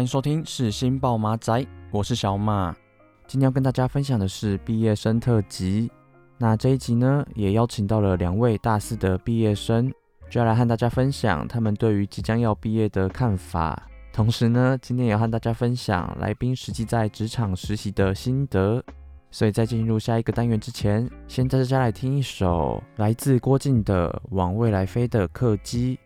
歡迎收聽《世新報馬仔》，我是小馬。今天要跟大家分享的是畢業生特輯。那這一集呢，也邀請到了兩位大四的畢業生，就要來和大家分享他們對於即將要畢業的看法。同時呢，今天也要和大家分享來賓實際在職場實習的心得。所以在進入下一個單元之前，先帶大家來聽一首來自郭靖的《往未來飛的客機》。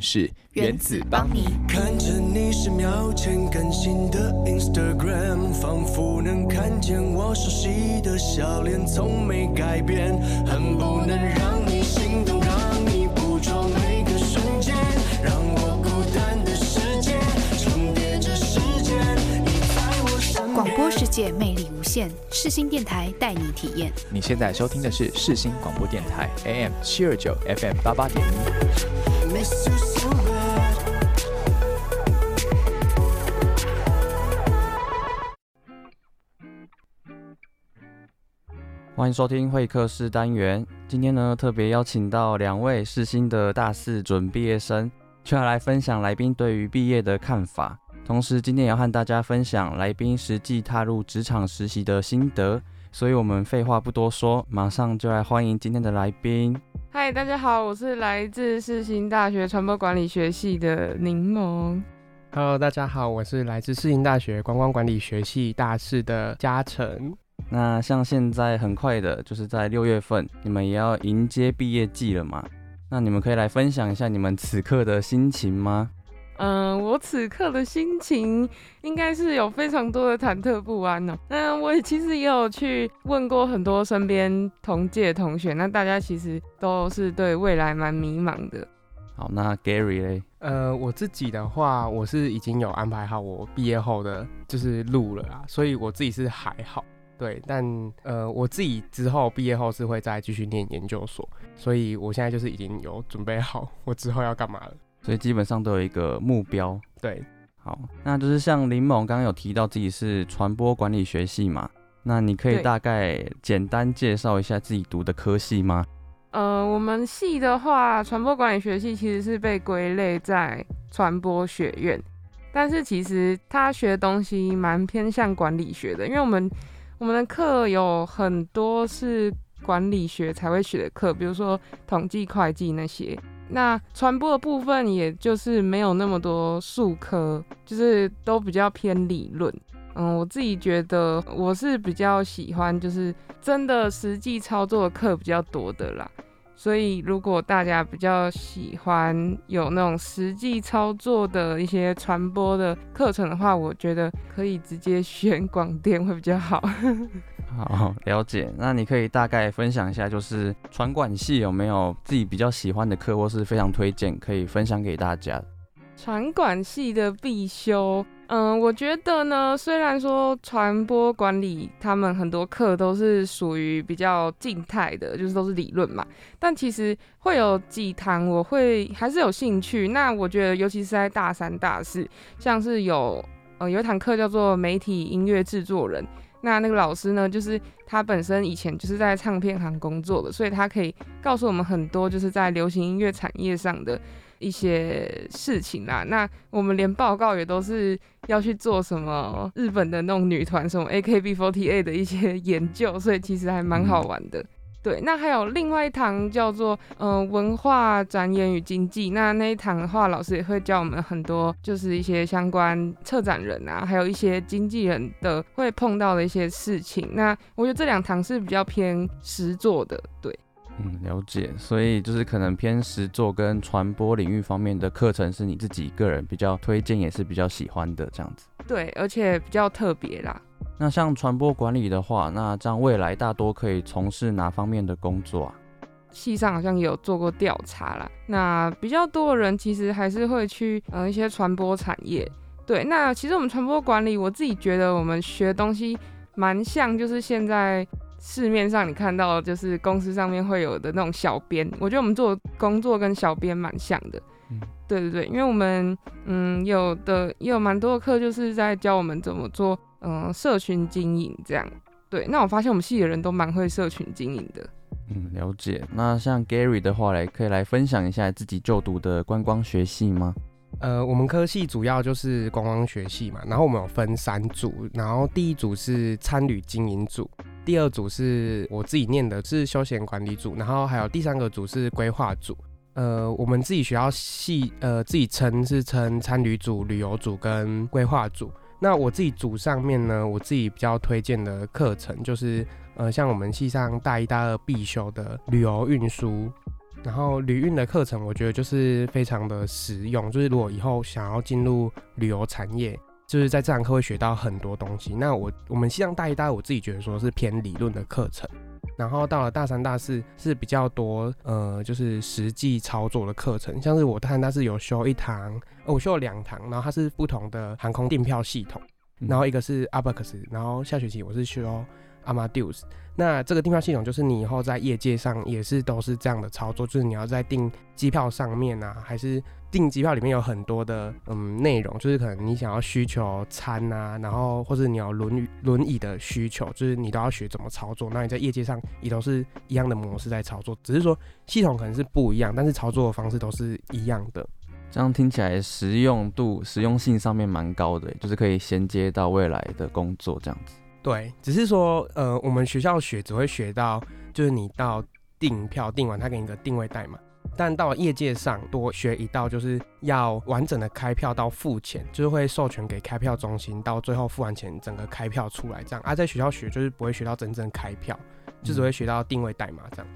是原子邦妮看着你十秒前更新的 Instagram 仿佛能看見我熟悉的笑臉從沒改變恨不能讓你界魅力無限，世新電台帶你體驗。你現在收聽的是世新廣播電台 AM 七二九 FM 八八點一。歡迎收聽會客室單元，今天呢特別邀請到兩位世新的大四準畢業生，就要來分享來賓對於畢業的看法。同時，今天也要和大家分享來賓實際踏入職場實習的心得，所以我們廢話不多說，馬上就來歡迎今天的來賓。嗨，大家好，我是來自世新大學傳播管理學系的檸檬。Hello，大家好，我是來自世新大學觀光管理學系大四的嘉誠。那像現在很快的就是在六月份，你們也要迎接畢業季了嘛？那你們可以來分享一下你們此刻的心情嗎？嗯、呃，我此刻的心情應該是有非常多的忐忑不安哦、喔。那我其實也有去問過很多身邊同屆同學，那大家其實都是對未來蠻迷茫的。好，那 Gary 咧？呃，我自己的話，我是已經有安排好我畢業後的就是路了啦，所以我自己是還好。對，但呃，我自己之後畢業後是會再繼續念研究所，所以我現在就是已經有準備好我之後要幹嘛了。所以基本上都有一個目標，對，好，那就是像林某剛剛有提到自己是傳播管理學系嘛，那你可以大概簡單介紹一下自己讀的科系嗎？呃，我們系的話，傳播管理學系其實是被歸類在傳播學院，但是其實他學的東西蠻偏向管理學的，因為我們我們的課有很多是管理學才會學的課，比如說統計、會計那些。那傳播的部分，也就是沒有那麼多術科，就是都比較偏理論。嗯，我自己覺得我是比較喜歡，就是真的實際操作的課比較多的啦。所以如果大家比較喜歡有那種實際操作的一些傳播的課程的話，我覺得可以直接選廣電會比較好。 好，了解。那你可以大概分享一下，就是傳管系有沒有自己比較喜歡的課，或是非常推薦可以分享給大家？傳管系的必修，嗯、呃，我覺得呢，雖然說傳播管理他們很多課都是屬於比較靜態的，就是都是理論嘛，但其實會有幾堂我會還是有興趣。那我覺得，尤其是在大三、大四，像是有呃有一堂課叫做媒體音樂製作人。那那個老師呢，就是他本身以前就是在唱片行工作的，所以他可以告訴我們很多就是在流行音樂產業上的一些事情啦。那我們連報告也都是要去做什麼日本的那種女團，什麼 AKB48 的一些研究，所以其實還蠻好玩的。嗯對，那還有另外一堂叫做嗯、呃、文化展演與經紀，那那一堂的話，老師也會教我們很多，就是一些相關策展人啊，還有一些經紀人的，的會碰到的一些事情。那我覺得這兩堂是比較偏實作的，對。嗯，了解。所以就是可能偏實作跟傳播領域方面的課程是你自己個人比較推薦，也是比較喜歡的這樣子。對，而且比較特別啦。那像傳播管理的話，那這樣未來大多可以從事哪方面的工作啊？系上好像也有做過調查啦。那比較多的人其實還是會去嗯、呃、一些傳播產業。對，那其實我們傳播管理，我自己覺得我們學東西蠻像，就是現在市面上你看到就是公司上面會有的那種小編，我覺得我們做的工作跟小編蠻像的。嗯、對對對，因為我們嗯有的也有蠻多的課就是在教我們怎麼做。嗯，社群經營這樣，對。那我發現我們系的人都蠻會社群經營的。嗯，了解。那像 Gary 的話，來可以來分享一下自己就讀的觀光學系嗎？呃，我們科系主要就是觀光學系嘛，然後我們有分三組，然後第一組是餐旅經營組，第二組是我自己念的是休閒管理組，然後還有第三個組是規劃組。呃，我們自己學校系呃自己稱是稱餐旅組、旅遊組跟規劃組。那我自己組上面呢，我自己比較推薦的課程就是，呃，像我們系上大一、大二必修的旅遊運輸，然後旅運的課程，我覺得就是非常的實用，就是如果以後想要進入旅遊產業，就是在這堂課會學到很多東西。那我我們系上大一、大二，我自己覺得說是偏理論的課程。然後到了大三、大四是比較多，呃，就是實際操作的課程。像是我看它是有修一堂，哦，我修了兩堂，然後他是不同的航空訂票系統，然後一個是 Abacus，然後下學期我是修 Amadeus。那這個訂票系統就是你以後在業界上也是都是這樣的操作，就是你要在訂機票上面啊，還是？訂機票裡面有很多的嗯內容，就是可能你想要需求餐啊，然後或是你要輪椅，輪椅的需求，就是你都要學怎麼操作。那你在業界上也都是一樣的模式在操作，只是說系統可能是不一樣，但是操作的方式都是一樣的。這樣聽起來實用度實用性上面蠻高的，就是可以銜接到未來的工作這樣子。對，只是說呃我們學校學只會學到，就是你到訂票訂完，他給你一個定位代碼。但到了業界上多學一道，就是要完整的開票到付錢，就是會授權給開票中心，到最後付完錢，整個開票出來這樣啊。在學校學就是不會學到真正開票，嗯，就只會學到定位代碼這樣。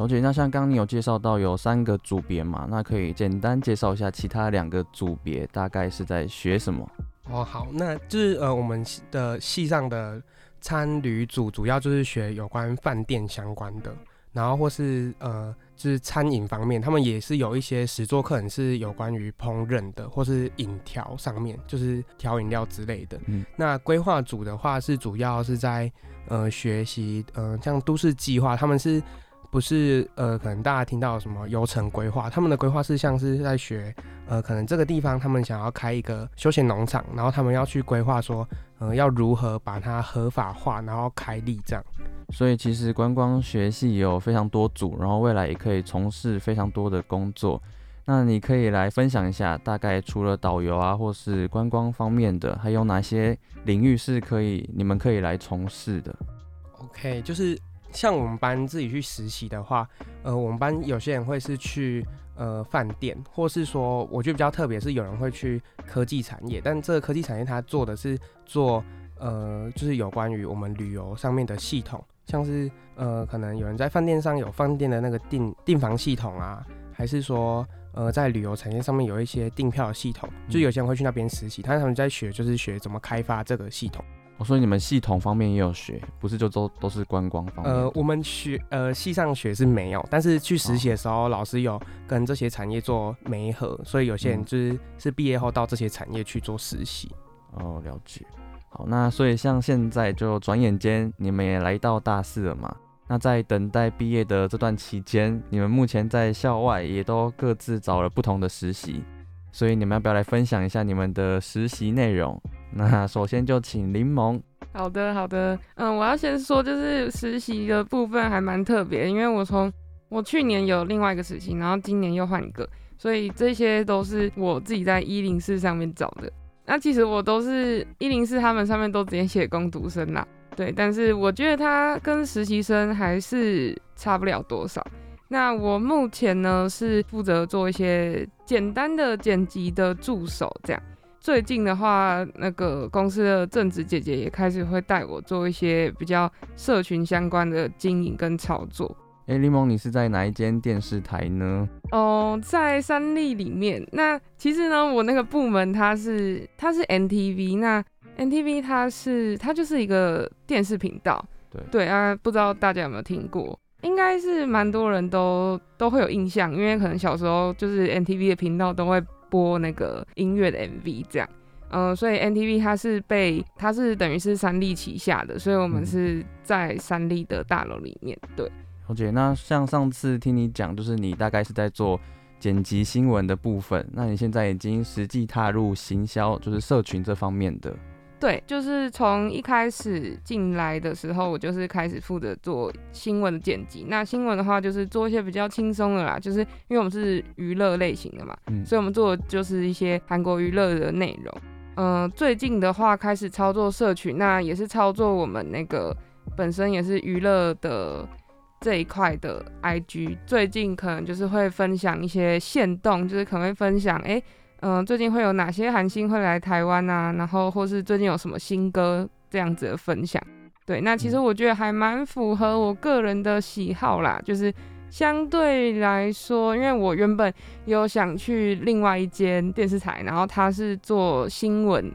了解。那像剛剛你有介紹到有三個組別嘛，那可以簡單介紹一下其他兩個組別大概是在學什麼？哦，好，那就是呃，我們的系上的餐旅組主，主要就是學有關飯店相關的，然後或是呃。就是餐飲方面，他們也是有一些實作課，是有關於烹飪的，或是飲調上面，就是調飲料之類的。嗯，那規劃組的話，是主要是在呃學習，呃，像都市計劃，他們是。不是，呃，可能大家聽到有什麼遊程規劃，他們的規劃是像是在學，呃，可能這個地方他們想要開一個休閒農場，然後他們要去規劃說，呃，要如何把它合法化，然後開立這樣。所以其實觀光學系有非常多組，然後未來也可以從事非常多的工作。那你可以來分享一下，大概除了導遊啊，或是觀光方面的，還有哪些領域是可以你們可以來從事的？OK，就是。像我們班自己去實習的話，呃，我們班有些人會是去呃飯店，或是說我覺得比較特別，是有人會去科技產業，但這個科技產業它做的是做呃就是有關於我們旅遊上面的系統，像是呃可能有人在飯店上有飯店的那個訂訂房系統啊，還是說呃在旅遊產業上面有一些訂票系統，就有些人會去那邊實習，他們在學就是學怎麼開發這個系統。我說，你們系統方面也有學，不是就都都是觀光方面？呃，我們學呃系上學是沒有，但是去實習的時候，老師有跟這些產業做媒合，所以有些人就是、嗯、是畢業後到這些產業去做實習。哦，了解。好，那所以像現在就轉眼間你們也來到大四了嘛？那在等待畢業的這段期間，你們目前在校外也都各自找了不同的實習。所以你們要不要來分享一下你們的實習內容？那首先就請檸檬。好的，好的。嗯，我要先說，就是實習的部分還蠻特別，因為我從我去年有另外一個實習，然後今年又換一個，所以這些都是我自己在一零四上面找的。那其實我都是一零四，他們上面都直接寫工讀生啦。對，但是我覺得他跟實習生還是差不了多少。那我目前呢是負責做一些簡單的剪輯的助手，這樣。最近的話，那個公司的正職姐姐也開始會帶我做一些比較社群相關的經營跟操作。誒、欸，檸檬，你是在哪一間電視台呢？哦、呃，在三立裡面。那其實呢，我那個部門它是它是 NTV，那 NTV 它是它就是一個電視頻道。對對啊，不知道大家有沒有聽過。應該是蠻多人都都會有印象，因為可能小時候就是 MTV 的頻道都會播那個音樂的 MV 這樣，嗯、呃，所以 MTV 它是被它是等於是三立旗下的，所以我們是在三立的大樓裡面。對，OK，那像上次聽你講，就是你大概是在做剪輯新聞的部分，那你現在已經實際踏入行銷，就是社群這方面的。對，就是從一開始進來的時候，我就是開始負責做新聞的剪輯。那新聞的話，就是做一些比較輕鬆的啦，就是因為我們是娛樂類型的嘛，嗯、所以我們做的就是一些韓國娛樂的內容。嗯、呃，最近的話開始操作社群，那也是操作我們那個本身也是娛樂的這一塊的 IG。最近可能就是會分享一些限動，就是可能會分享哎。誒嗯，最近會有哪些韓星會來台灣啊？然後或是最近有什麼新歌這樣子的分享？對，那其實我覺得還蠻符合我個人的喜好啦。就是相對來說，因為我原本有想去另外一間電視台，然後他是做新聞、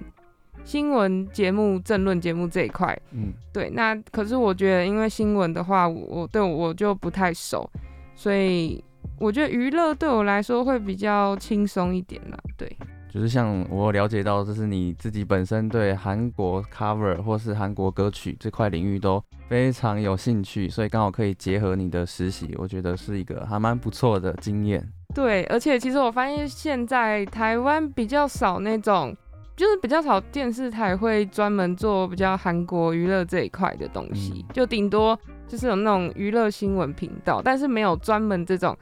新聞節目、政論節目這一塊。嗯，對。那可是我覺得，因為新聞的話，我，我對我就不太熟，所以。我覺得娛樂對我來說會比較輕鬆一點啦。對，就是像我了解到，就是你自己本身對韓國 cover 或是韓國歌曲這塊領域都非常有興趣，所以剛好可以結合你的實習，我覺得是一個還蠻不錯的經驗。對，而且其實我發現現在台灣比較少那種，就是比較少電視台會專門做比較韓國娛樂這一塊的東西，嗯、就頂多就是有那種娛樂新聞頻道，但是沒有專門這種。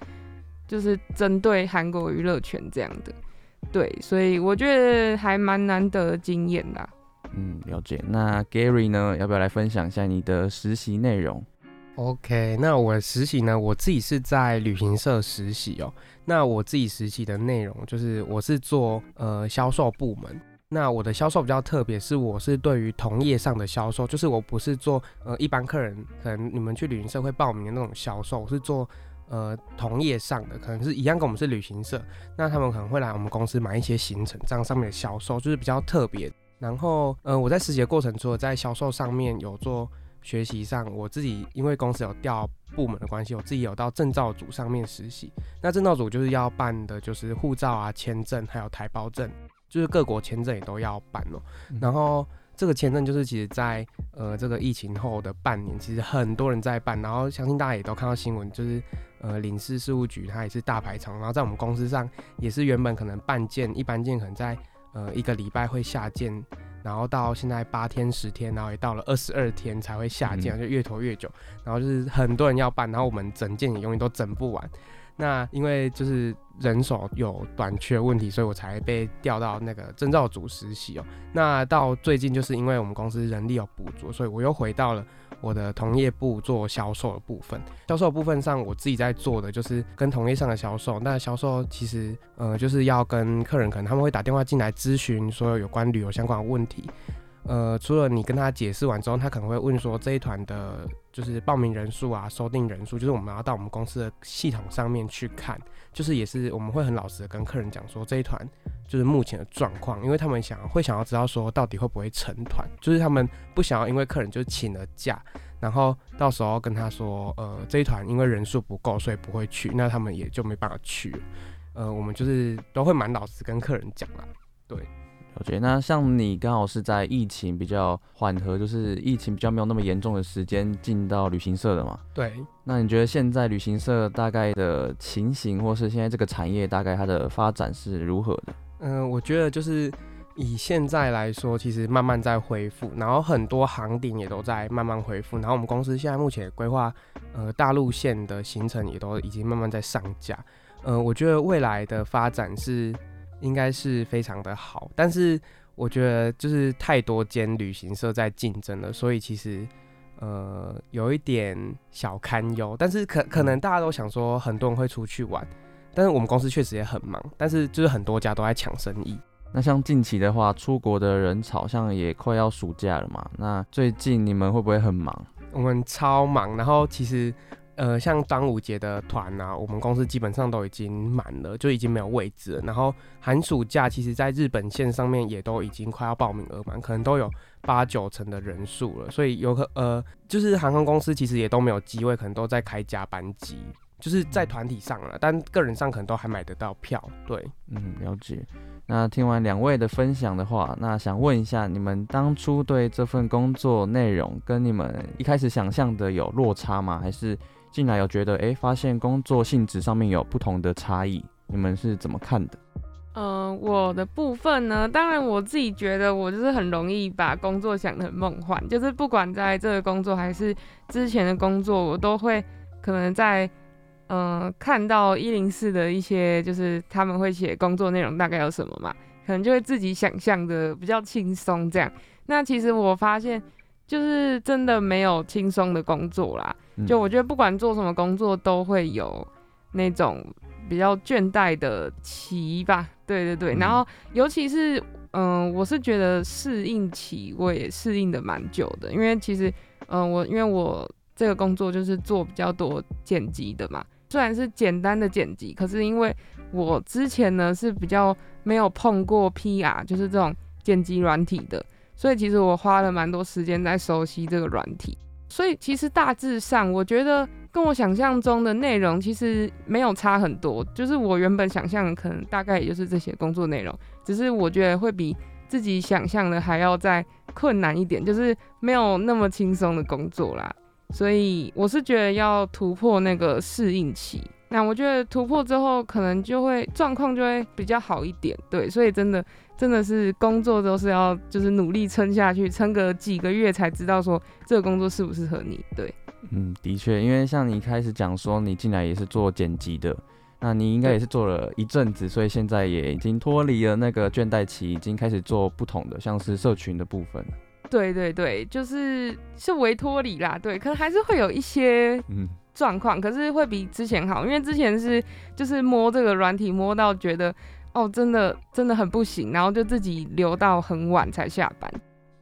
就是針對韓國娛樂圈這樣的，對，所以我覺得還蠻難得的經驗啦。嗯，了解。那 Gary 呢，要不要來分享一下你的實習內容？OK，那我實習呢，我自己是在旅行社實習哦。那我自己實習的內容就是，我是做呃銷售部門。那我的銷售比較特別，是我是對於同業上的銷售，就是我不是做呃一般客人可能你們去旅行社會報名的那種銷售，是做。呃，同業上的可能是一樣，跟我們是旅行社，那他們可能會來我們公司買一些行程，這樣上面的銷售就是比較特別。然後，呃，我在實習的過程中，在銷售上面有做學習上，我自己因為公司有調部門的關係，我自己有到證照組上面實習。那證照組就是要辦的就是護照啊、簽證，還有台胞證，就是各國簽證也都要辦咯、喔。嗯。然後，這個簽證就是其實在，在呃這個疫情後的半年，其實很多人在辦，然後相信大家也都看到新聞，就是。呃，領事事務局它也是大排長龍，然後在我們公司上也是原本可能辦件、一般件可能在呃一個禮拜會下件，然後到現在八天十天，然後也到了二十二天才會下件，就越拖越久，然後就是很多人要辦，然後我們整件也永遠都整不完。那因為就是人手有短缺問題，所以我才被調到那個證照組實習哦。那到最近就是因為我們公司人力有不足，所以我又回到了我的同業部做銷售的部分。銷售部分上，我自己在做的就是跟同業上的銷售。那銷售其實，嗯、呃，就是要跟客人，可能他們會打電話進來諮詢所有有關旅遊相關的問題。呃，除了你跟他解釋完之後，他可能會問說這一團的，就是報名人數啊，收訂人數，就是我們要到我們公司的系統上面去看，就是也是我們會很老實的跟客人講說，這一團就是目前的狀況，因為他們想會想要知道說到底會不會成團，就是他們不想要因為客人就請了假，然後到時候跟他說，呃，這一團因為人數不夠所以不會去，那他們也就沒辦法去，呃，我們就是都會蠻老實跟客人講啦，對。我覺得那像你剛好是在疫情比較緩和，就是疫情比較沒有那麼嚴重的時間進到旅行社的嘛？對。那你覺得現在旅行社大概的情形，或是現在這個產業大概它的發展是如何的？嗯、呃，我覺得就是以現在來說，其實慢慢在恢復，然後很多航點也都在慢慢恢復，然後我們公司現在目前規劃，呃，大陸線的行程也都已經慢慢在上架。呃，我覺得未來的發展是。應該是非常的好，但是我覺得就是太多間旅行社在競爭了，所以其實，呃，有一點小堪憂。但是可可能大家都想說，很多人會出去玩，但是我們公司確實也很忙，但是就是很多家都在搶生意。那像近期的話，出國的人好像也快要暑假了嘛，那最近你們會不會很忙？我們超忙，然後其實。呃，像端午節的團啊，我們公司基本上都已經滿了，就已經沒有位置了。然後寒暑假其實，在日本線上面也都已經快要報名額滿，可能都有八九成的人數了。所以有可呃，就是航空公司其實也都沒有機位，可能都在開加班機，就是在團體上了，但個人上可能都還買得到票。對，嗯，了解。那聽完兩位的分享的話，那想問一下，你們當初對這份工作內容跟你們一開始想象的有落差嗎？還是？進來有覺得哎、欸，發現工作性質上面有不同的差異，你們是怎麼看的？嗯、呃，我的部分呢，當然我自己覺得我就是很容易把工作想得很夢幻，就是不管在這個工作還是之前的工作，我都會可能在嗯、呃、看到一零四的一些，就是他們會寫工作內容大概有什麼嘛，可能就會自己想象的比較輕鬆這樣。那其實我發現。就是真的沒有輕鬆的工作啦，嗯、就我覺得不管做什麼工作都會有那種比較倦怠的期吧，對對對。嗯、然後尤其是，嗯、呃，我是覺得適應期我也適應的蠻久的，因為其實，嗯、呃，我因為我這個工作就是做比較多剪輯的嘛，雖然是簡單的剪輯，可是因為我之前呢是比較沒有碰過 PR，就是這種剪輯軟體的。所以其實我花了蠻多時間在熟悉這個軟體，所以其實大致上我覺得跟我想象中的內容其實沒有差很多，就是我原本想象的可能大概也就是這些工作內容，只是我覺得會比自己想象的還要再困難一點，就是沒有那麼輕鬆的工作啦。所以我是覺得要突破那個適應期，那我覺得突破之後可能就會狀況就會比較好一點，對，所以真的。真的是工作都是要就是努力撐下去，撐個幾個月才知道說，這個工作適不適合你。對，嗯，的確，因為像你開始講說你進來也是做剪輯的，那你應該也是做了一陣子，對所以現在也已經脫離了那個倦怠期，已經開始做不同的，像是社群的部分。對對對，就是是為脫離啦，對，可能還是會有一些嗯狀況，可是會比之前好，因為之前是就是摸這個軟體摸到覺得。哦，真的真的很不行，然後就自己留到很晚才下班。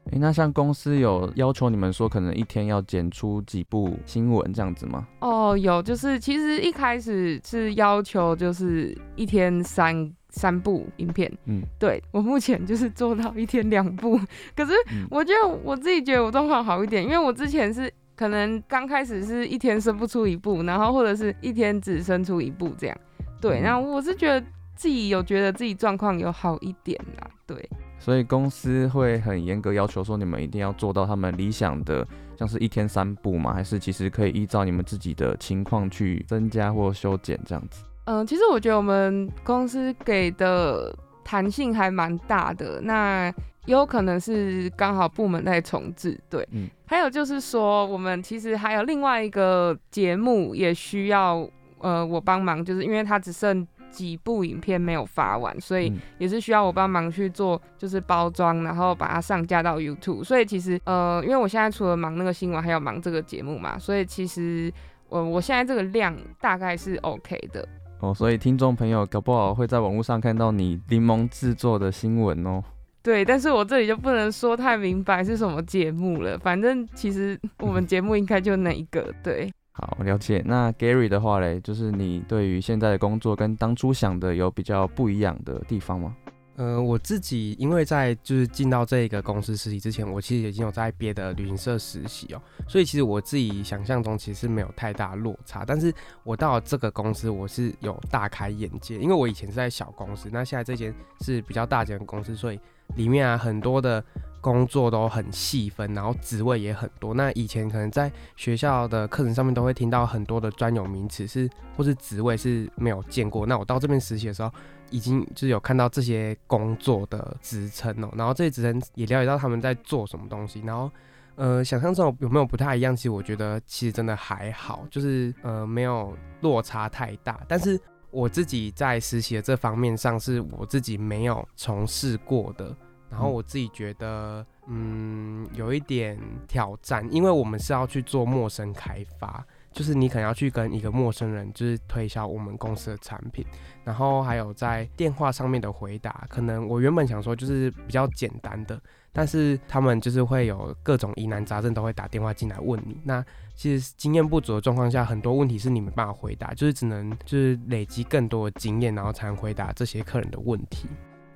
哎、欸，那像公司有要求你們說可能一天要剪出幾部新聞這樣子嗎？哦，有，就是其實一開始是要求就是一天三三部影片，嗯，對我目前就是做到一天兩部，可是我覺得我自己覺得我狀況好一點，嗯、因為我之前是可能剛開始是一天生不出一部，然後或者是一天只生出一部這樣，對，嗯、那我是覺得。自己有覺得自己狀況有好一點啦，對。所以公司會很嚴格要求說你們一定要做到他們理想的，像是一天三步嘛，還是其實可以依照你們自己的情況去增加或修剪這樣子？嗯、呃，其實我覺得我們公司給的彈性還蠻大的，那有可能是剛好部門在重置，對。嗯，還有就是說我們其實還有另外一個節目也需要呃我幫忙，就是因為它只剩幾部影片沒有發完，所以也是需要我幫忙去做，就是包裝，然後把它上架到 YouTube。所以其實，呃，因為我現在除了忙那個新聞，還要忙這個節目嘛，所以其實我我現在這個量大概是 OK 的。哦，所以聽眾朋友，搞不好會在網絡上看到你檸檬製作的新聞哦。對，但是我這裡就不能說太明白是什麼節目了，反正其實我們節目應該就那一個，對。好，了解。那 Gary 的話嘞，就是你對於現在的工作跟當初想的有比較不一樣的地方嗎？呃，我自己因為在就是進到這個公司實習之前，我其實已經有在別的旅行社實習哦，所以其實我自己想象中其實沒有太大落差，但是我到這個公司我是有大開眼界，因為我以前是在小公司，那現在這間是比較大間公司，所以。裡面啊，很多的工作都很細分，然後職位也很多。那以前可能在學校的課程上面都會聽到很多的專有名詞是，或是職位是沒有見過。那我到這邊實習的時候，已經就是有看到這些工作的職稱了，然後這些職稱也了解到他們在做什麼東西。然後，呃，想象中有沒有不太一樣？其實我覺得，其實真的還好，就是呃，沒有落差太大，但是。我自己在實習的這方面上是我自己沒有從事過的，然後我自己覺得，嗯，有一點挑戰，因為我們是要去做陌生開發，就是你可能要去跟一個陌生人就是推銷我們公司的產品，然後還有在電話上面的回答，可能我原本想說就是比較簡單的，但是他們就是會有各種疑難雜症都會打電話進來問你，那。其實經驗不足的狀況下，很多問題是你沒辦法回答，就是只能就是累積更多的經驗，然後才能回答這些客人的問題。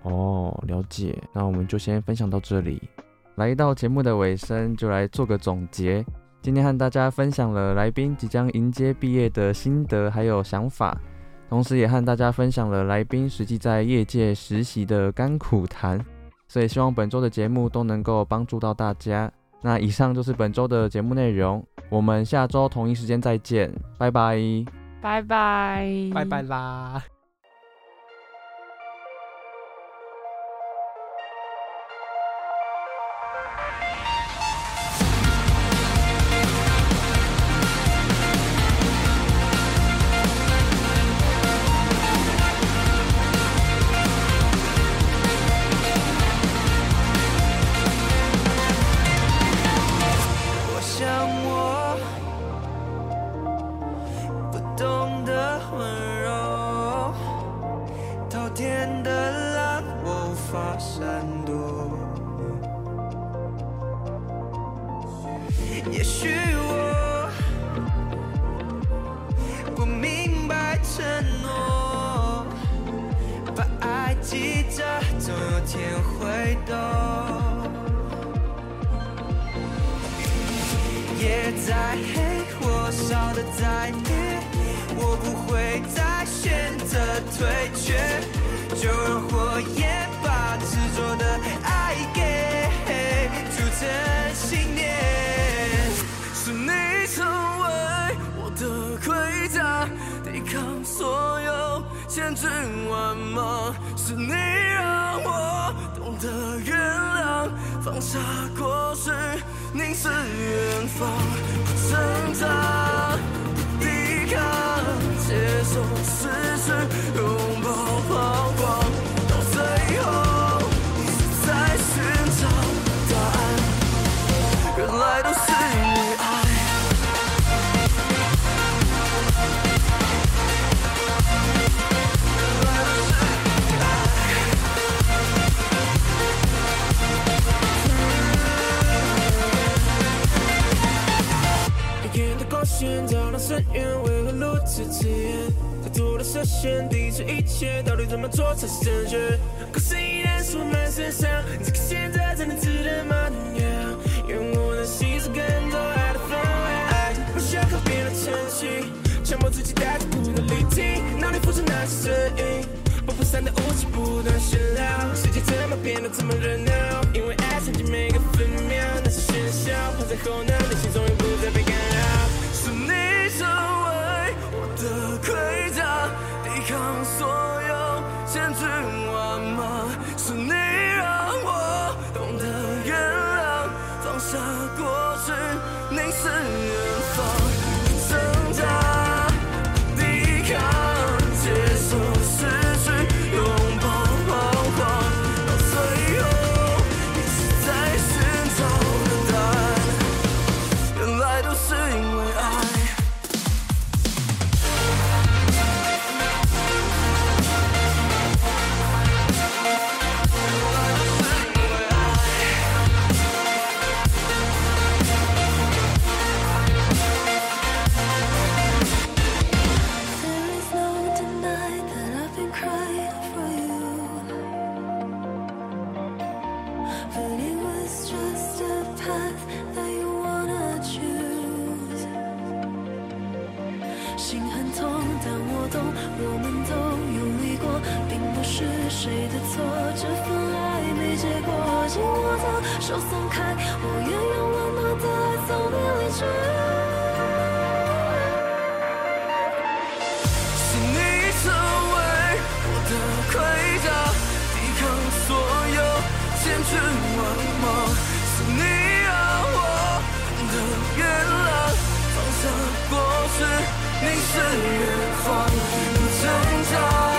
哦，了解。那我們就先分享到這裡，來到節目的尾聲，就來做個總結。今天和大家分享了來賓即將迎接畢業的心得還有想法，同時也和大家分享了來賓實際在業界實習的甘苦談。所以希望本周的節目都能夠幫助到大家。那以上就是本週的節目內容，我們下週同一時間再見，拜拜，拜拜，拜拜啦。火燒得再烈，我不會再選擇退卻。就讓火焰把執着的愛給鑄成信念。是你成為我的盔甲，抵抗所有千軍萬馬。是你讓我懂得原諒，放下過去。凝視遠方，掙扎、抵抗、接受事實，擁抱。面對這一切，到底怎麼做才是正確？故事依然是我滿身傷，這個現在真的值得嗎？用我能心思更多愛的分量，愛不需要可變的程序，強迫自己戴着不同的濾鏡，哪腦裡浮出那些聲音？不分散的霧氣不斷喧鬧，世界怎麼變得這麼熱鬧？因為愛佔據每個分秒，那些喧囂排在後腦。是誰的錯？這份愛沒結果，緊握的手鬆開，我願用溫暖的愛送你離去。是你成為我的盔甲，抵抗所有千軍萬馬。是你讓我的原諒放下過去，凝視遠方不掙扎。